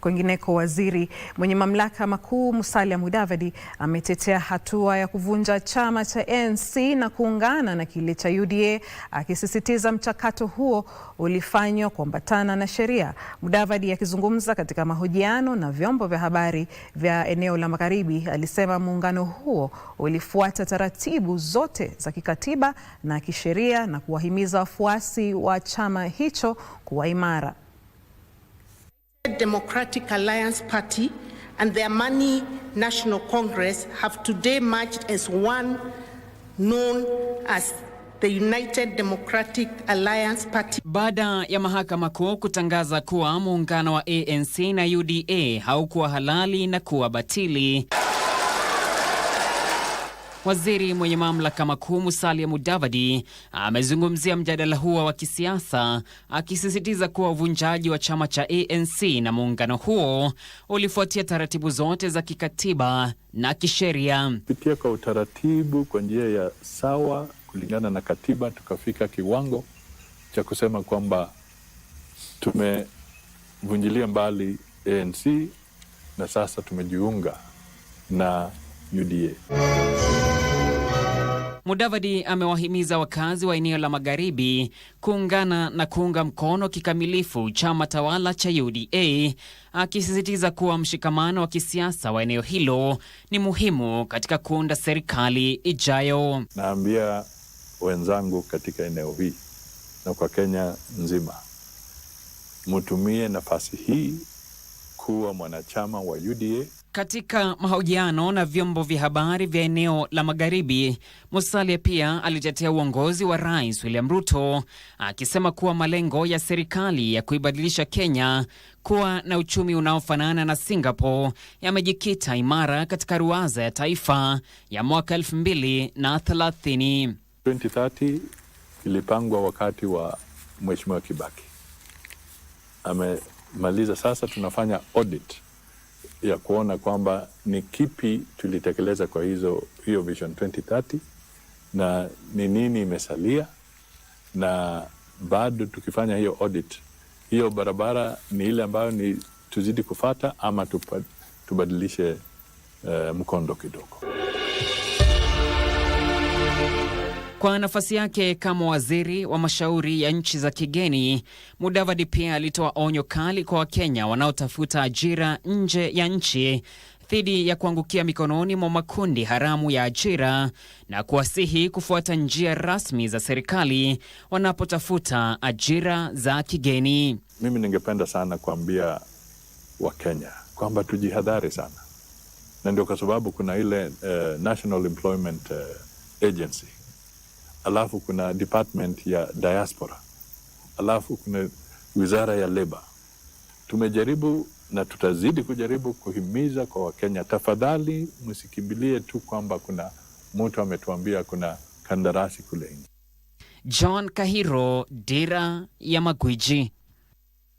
Kwingineko, waziri mwenye mamlaka makuu Musalia Mudavadi ametetea hatua ya kuvunja chama cha ANC na kuungana na kile cha UDA, akisisitiza mchakato huo ulifanywa kuambatana na sheria. Mudavadi akizungumza katika mahojiano na vyombo vya habari vya eneo la Magharibi, alisema muungano huo ulifuata taratibu zote za kikatiba na kisheria na kuwahimiza wafuasi wa chama hicho kuwa imara. Democratic Alliance Party and the Amani National Congress have today marched as one known as the United Democratic Alliance Party. Baada ya mahakama kuu kutangaza kuwa muungano wa ANC na UDA haukuwa halali na kuwa batili. Waziri mwenye mamlaka makuu Musalia Mudavadi amezungumzia mjadala huo wa kisiasa akisisitiza kuwa uvunjaji wa chama cha ANC na muungano huo ulifuatia taratibu zote za kikatiba na kisheria. Kupitia kwa utaratibu, kwa njia ya sawa, kulingana na katiba, tukafika kiwango cha kusema kwamba tumevunjilia mbali ANC na sasa tumejiunga na UDA. Mudavadi amewahimiza wakazi wa eneo la magharibi kuungana na kuunga mkono kikamilifu chama tawala cha UDA, akisisitiza kuwa mshikamano wa kisiasa wa eneo hilo ni muhimu katika kuunda serikali ijayo. Naambia wenzangu katika eneo hii na kwa Kenya nzima, mutumie nafasi hii kuwa mwanachama wa UDA. Katika mahojiano na vyombo vya habari vya eneo la Magharibi, Musalia pia alitetea uongozi wa Rais William Ruto akisema kuwa malengo ya serikali ya kuibadilisha Kenya kuwa na uchumi unaofanana na Singapore yamejikita imara katika ruwaza ya taifa ya mwaka 2030. 2030 ilipangwa wakati wa Mheshimiwa Kibaki. Amemaliza sasa tunafanya audit ya kuona kwamba ni kipi tulitekeleza kwa hizo hiyo Vision 2030 na ni nini imesalia, na bado tukifanya hiyo audit, hiyo barabara ni ile ambayo ni tuzidi kufata ama tubadilishe uh, mkondo kidogo. Kwa nafasi yake kama waziri wa mashauri ya nchi za kigeni, Mudavadi pia alitoa onyo kali kwa Wakenya wanaotafuta ajira nje ya nchi dhidi ya kuangukia mikononi mwa makundi haramu ya ajira na kuwasihi kufuata njia rasmi za serikali wanapotafuta ajira za kigeni. Mimi ningependa sana kuambia Wakenya kwamba tujihadhari sana, na ndio kwa sababu kuna ile uh, National Employment uh, Agency alafu kuna department ya diaspora, alafu kuna wizara ya leba. Tumejaribu na tutazidi kujaribu kuhimiza kwa Wakenya, tafadhali msikimbilie tu kwamba kuna mtu ametuambia kuna kandarasi kule nje. John Kahiro, Dira ya Magwiji.